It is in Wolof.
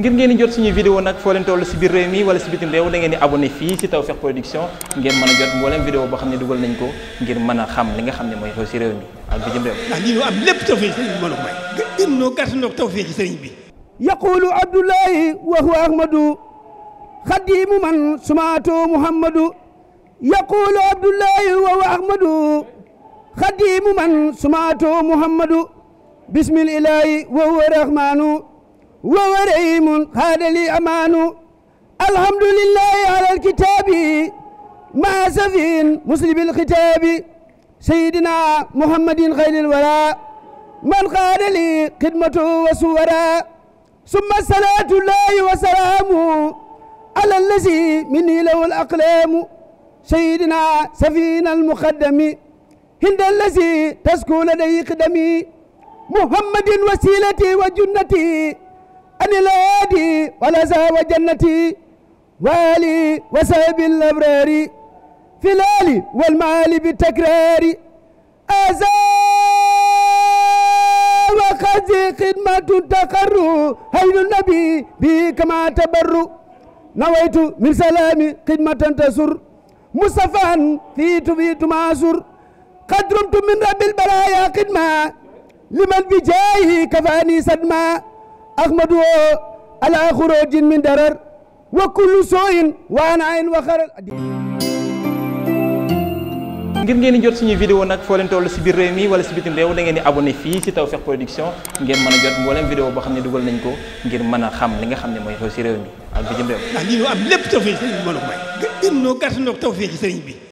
ngir ngeen di jot suñuy vidéo nag foo leen si biir réew mi wala si bitim réew da ngeen di abonné fii si Tawfekh Production ngeen mën a jot mboolem vidéo boo xam ne dugal nañ ko ngir mën a xam li nga xam ne mooy xew si réew mi ak bitim réew. ndax lii ñu am lépp tawfeex sëriñ bi mën a ko may. gë gën ñoo gàtt ñoo tawfeex sëriñ bi. yaqulu Abdullahi wa huwa Ahmadu xadimu man sumaatu Muhammadu yaqulu Abdullahi wa huwa Ahmadu xadimu man sumaatu Muhammadu bismil ilaahi wa huwa rahmaanu وهو رحيم هذا لي أمان الحمد لله على الكتاب مع سفين مسلم الختاب سيدنا محمد خير الوراء من قال لي خدمته وسورا ثم صلاة الله وسلامه على الذي مني له الأقلام سيدنا سفين المقدم هند الذي تسكو لدي قدمي محمد وسيلتي وجنتي أن الهادي ولزا وجنتي والي وسائب الأبرار في الآل والمال بالتكرار أزا وخزي خدمة تقر هين النبي بي كما تبر نويت من سلامي خدمة تسر مصطفى في تبيت معسر قد رمت من رب البرايا خدمة لمن بجاهه كفاني صدمه أغمد على خروج من درر وكل سوء وأنا عين وخرج ngir ngeen di jot suñu vidéo nag foo leen toll si biir réew mi wala si bitim réew da ngeen di abonné fii si Tawfekh Production ngeen mën a jot mboolem vidéo boo xam ne dugal nañ ko ngir mën a xam li nga xam ne mooy xew si réew mi ak bitim réew. ndax lii am lépp Tawfekh sëriñ bi mën a sëriñ bi.